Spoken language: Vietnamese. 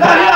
Maria!